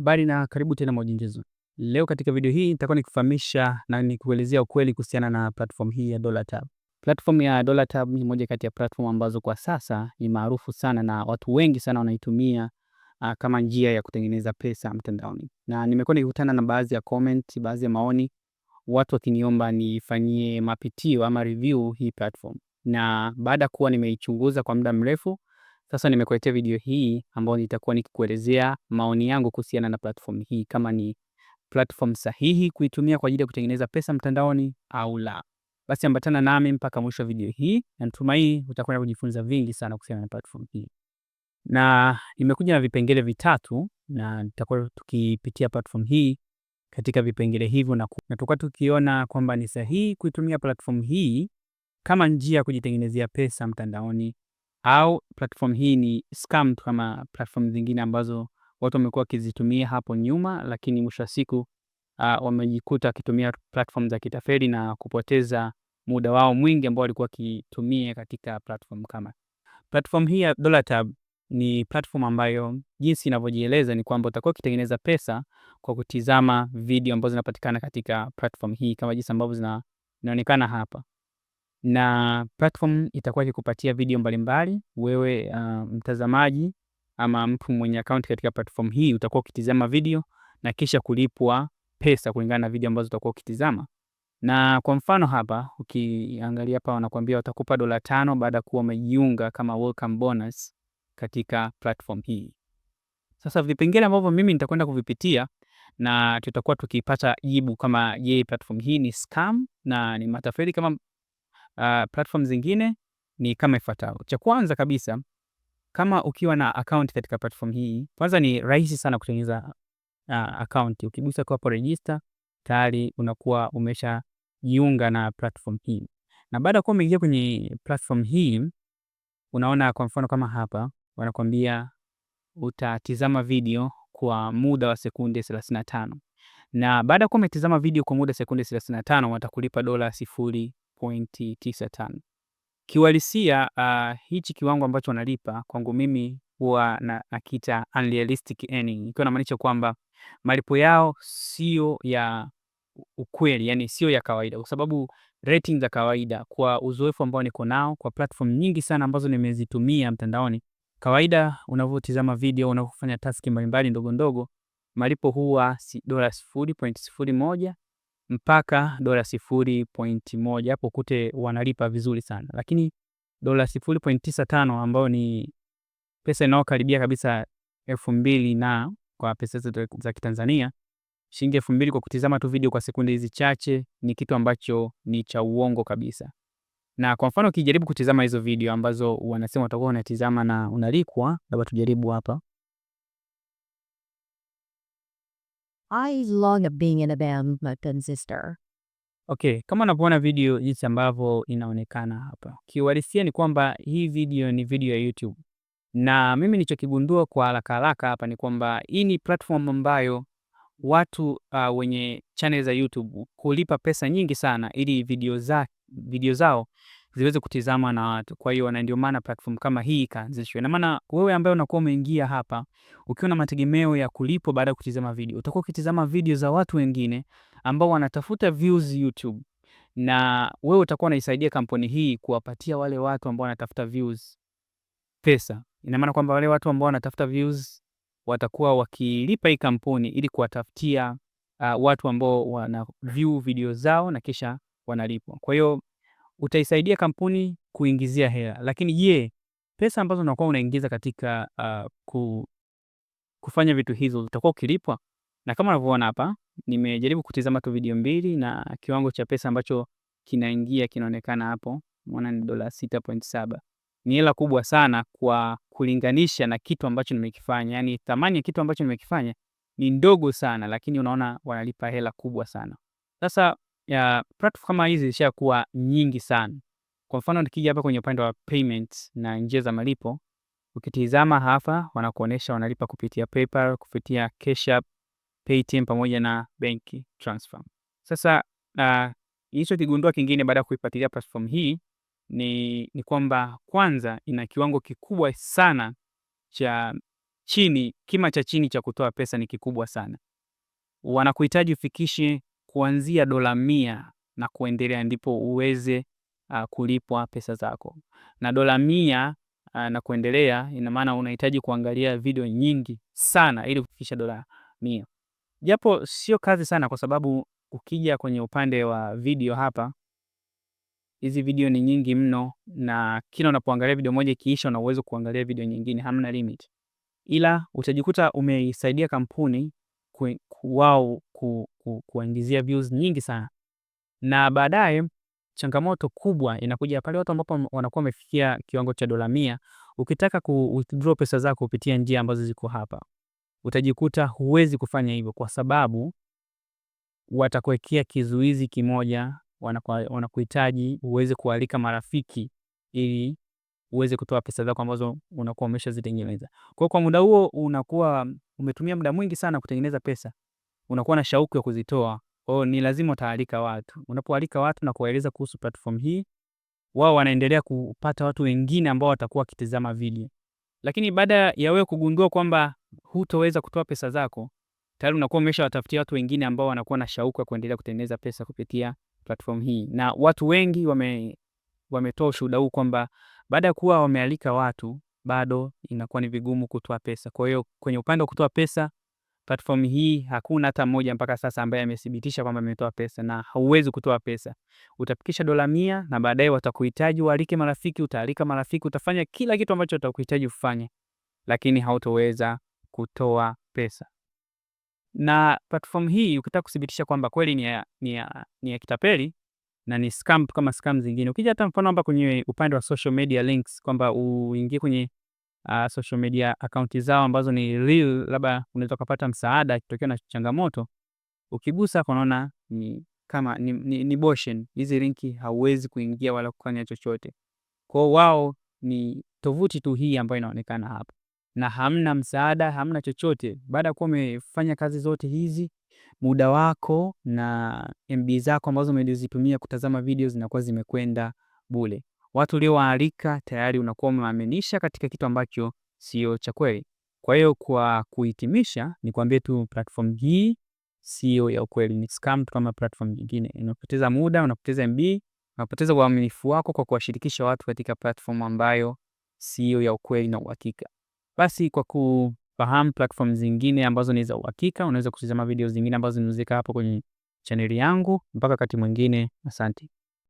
Habari na karibu tena Maujinjezo. Leo katika video hii nitakuwa nikufahamisha na nikuelezea ukweli kuhusiana na platform hii ya DollarTab. Platform ya DollarTab ni moja kati ya platform ambazo kwa sasa ni maarufu sana na watu wengi sana wanaitumia uh, kama njia ya kutengeneza pesa mtandaoni, na nimekuwa nikikutana na baadhi ya comment, baadhi ya maoni, watu wakiniomba nifanyie mapitio ama review hii platform, na baada ya kuwa nimeichunguza kwa muda mrefu sasa nimekuletea video hii ambayo nitakuwa nikikuelezea maoni yangu kuhusiana na platform hii, kama ni platform sahihi kuitumia kwa ajili ya kutengeneza pesa mtandaoni au la. Basi ambatana nami mpaka mwisho wa video hii, na natumai utakwenda kujifunza vingi sana kuhusiana na platform hii. Na nimekuja na vipengele vitatu, na tutakuwa tukipitia platform hii katika vipengele hivyo, na na tutakuwa tukiona kwamba ni sahihi kuitumia platform hii kama njia ya kujitengenezea pesa mtandaoni au platform hii ni scam kama platform zingine ambazo watu wamekuwa wakizitumia hapo nyuma, lakini mwisho wa siku uh, wamejikuta wakitumia platform za kitafeli na kupoteza muda wao mwingi ambao walikuwa wakitumia katika platform kama. Platform hii ya DollarTab ni platform ambayo jinsi inavyojieleza ni kwamba utakuwa ukitengeneza pesa kwa kutizama video ambazo zinapatikana katika platform hii kama jinsi ambavyo zinaonekana hapa na platform itakuwa ikikupatia video mbalimbali mbali. wewe, uh, mtazamaji ama mtu mwenye account katika platform hii, utakuwa ukitizama video na kisha kulipwa pesa kulingana na video ambazo utakuwa ukitizama. Na kwa mfano hapa ukiangalia hapa wanakuambia watakupa dola tano baada ya kuwa umejiunga kama welcome bonus katika platform hii. Sasa vipengele ambavyo mimi nitakwenda kuvipitia na tutakuwa tukipata jibu kama je, platform hii ni scam na ni matafeli kama uh, platform zingine ni kama ifuatavyo. Cha kwanza kabisa, kama ukiwa na account katika platform hii, kwanza ni rahisi sana kutengeneza uh, account. Ukigusa kwa hapo register, tayari unakuwa umeshajiunga na platform hii. Na baada ya kuwa umeingia kwenye platform hii, unaona kwa mfano kama hapa wanakwambia utatizama video kwa muda wa sekunde 35 na baada ya kuwa umetizama video kwa muda sekunde 35 watakulipa dola sifuri 0.95. Kiuhalisia uh, hichi kiwango ambacho wanalipa kwangu mimi huwa na nakita unrealistic earning, ikiwa namaanisha kwamba malipo yao sio ya ukweli, yani sio ya kawaida, kwa sababu rating za kawaida, kwa uzoefu ambao niko nao kwa platform nyingi sana ambazo nimezitumia mtandaoni, kawaida unavyotizama video, unavyofanya taski mbalimbali ndogo ndogo, malipo huwa si dola 0.01 mpaka dola sifuri pointi moja hapo kute wanalipa vizuri sana, lakini dola sifuri pointi tisa tano ambayo ni pesa inayokaribia kabisa elfu mbili na kwa pesa zetu za Kitanzania shilingi elfu mbili kwa kutizama tu video kwa sekunde hizi chache ni kitu ambacho ni cha uongo kabisa. Na kwa mfano ukijaribu kutizama hizo video ambazo wanasema utakuwa unatizama na unalikwa, labda tujaribu hapa I long being in a band my twin sister. Okay, kama unavyoona video jinsi ambavyo inaonekana hapa, kiuhalisia ni kwamba hii video ni video ya YouTube, na mimi nilichokigundua kwa haraka haraka hapa ni kwamba hii ni platform ambayo watu uh, wenye channel za YouTube hulipa pesa nyingi sana ili video, za, video zao ziweze kutizama na watu. Kwa hiyo na ndio maana platform kama hii ikaanzishwa. Ina maana wewe ambaye unakuwa umeingia hapa ukiwa na mategemeo ya kulipwa baada ya kutizama video, utakuwa ukitizama video za watu wengine ambao wanatafuta views YouTube, na wewe utakuwa unaisaidia kampuni hii kuwapatia wale watu ambao wanatafuta views pesa. Ina maana kwamba wale watu ambao wanatafuta views watakuwa wakilipa hii kampuni ili kuwatafutia uh, watu ambao wana view video zao na kisha wanalipwa. Kwa hiyo utaisaidia kampuni kuingizia hela, lakini je, pesa ambazo unakuwa unaingiza katika uh, ku, kufanya vitu hizo utakuwa ukilipwa? Na kama unavyoona hapa, nimejaribu kutizama tu video mbili na kiwango cha pesa ambacho kinaingia kinaonekana hapo, unaona ni dola 6.7. Ni hela kubwa sana kwa kulinganisha na kitu ambacho nimekifanya, yani thamani ya kitu ambacho nimekifanya ni ndogo sana, lakini unaona wanalipa hela kubwa sana. Sasa ya platform kama hizi zishakuwa nyingi sana. Kwa mfano nikija hapa kwenye upande wa payments na njia za malipo, ukitizama hapa wanakuonesha wanalipa kupitia PayPal, kupitia Cash App, Paytm pamoja na benki transfer. Sasa uh, hicho kigundua kingine baada ya kuifuatilia platform hii ni, ni kwamba kwanza ina kiwango kikubwa sana cha chini, kima cha chini cha kutoa pesa ni kikubwa sana. Wanakuhitaji ufikishe kuanzia dola mia na kuendelea ndipo uweze uh, kulipwa pesa zako. Na dola mia uh, na kuendelea, ina maana unahitaji kuangalia video nyingi sana ili kufikisha dola mia, japo sio kazi sana, kwa sababu ukija kwenye upande wa video hapa, hizi video ni nyingi mno, na kila unapoangalia video moja ikiisha, una uwezo kuangalia video nyingine, hamna limit, ila utajikuta umeisaidia kampuni wao ku, ku, kuwaingizia views nyingi sana, na baadaye changamoto kubwa inakuja pale watu ambapo wanakuwa wamefikia kiwango cha dola mia. Ukitaka ku withdraw pesa zako kupitia njia ambazo ziko hapa, utajikuta huwezi kufanya hivyo kwa sababu watakuwekea kizuizi kimoja, wanakuhitaji uweze kualika marafiki ili uweze kutoa pesa zako ambazo unakuwa umeshazitengeneza. Kwa hiyo kwa muda huo unakuwa umetumia muda mwingi sana kutengeneza pesa unakuwa na shauku ya kuzitoa. Kwa hiyo ni lazima utaalika watu. Unapoalika watu na kuwaeleza kuhusu platform hii, wao wanaendelea kupata watu wengine ambao watakuwa wakitizama video. Lakini baada ya wewe kugundua kwamba hutoweza kutoa pesa zako, tayari unakuwa umesha watafutia watu wengine ambao wanakuwa na shauku ya kuendelea kutengeneza pesa kupitia platform hii. Na watu wengi wame wametoa ushuhuda huu kwamba baada ya kuwa wamealika watu bado inakuwa ni vigumu kutoa pesa. Kwa hiyo kwenye upande wa kutoa pesa platform hii hakuna hata mmoja mpaka sasa ambaye amethibitisha kwamba ametoa pesa, na hauwezi kutoa pesa. Utapikisha dola mia na baadaye watakuhitaji ualike marafiki, utaalika marafiki, utafanya kila kitu ambacho watakuhitaji ufanye, lakini hautoweza kutoa pesa. Na platform hii ukitaka kuthibitisha kwamba kweli ni ya, ni ya, ni ya kitapeli na ni scam kama scam zingine, ukija hata mfano hapa kwenye upande wa social media links kwamba uingie kwenye uh, social media account zao ambazo ni real, labda unaweza kupata msaada kitokea na changamoto. Ukigusa kunaona ni kama ni, ni, ni boshen, hizi linki hauwezi kuingia wala kufanya chochote. kwao. wao ni tovuti tu hii ambayo inaonekana hapa na hamna msaada, hamna chochote. Baada ya kuwa umefanya kazi zote hizi, muda wako na MB zako ambazo umezitumia kutazama video zinakuwa zimekwenda bule watu uliowaalika tayari unakuwa umewaaminisha katika kitu ambacho sio cha kweli. Kwa hiyo kwa kuhitimisha, ni kwambie tu platform hii sio ya ukweli, ni scam tu kama platform nyingine. Unapoteza muda, unapoteza MB, unapoteza uaminifu wako kwa kuwashirikisha watu katika platform ambayo sio ya ukweli na uhakika. Basi kwa kufahamu platform zingine ambazo ni za uhakika, unaweza kutizama video zingine ambazo nimeweka hapo kwenye chaneli yangu. Mpaka wakati mwingine, asante.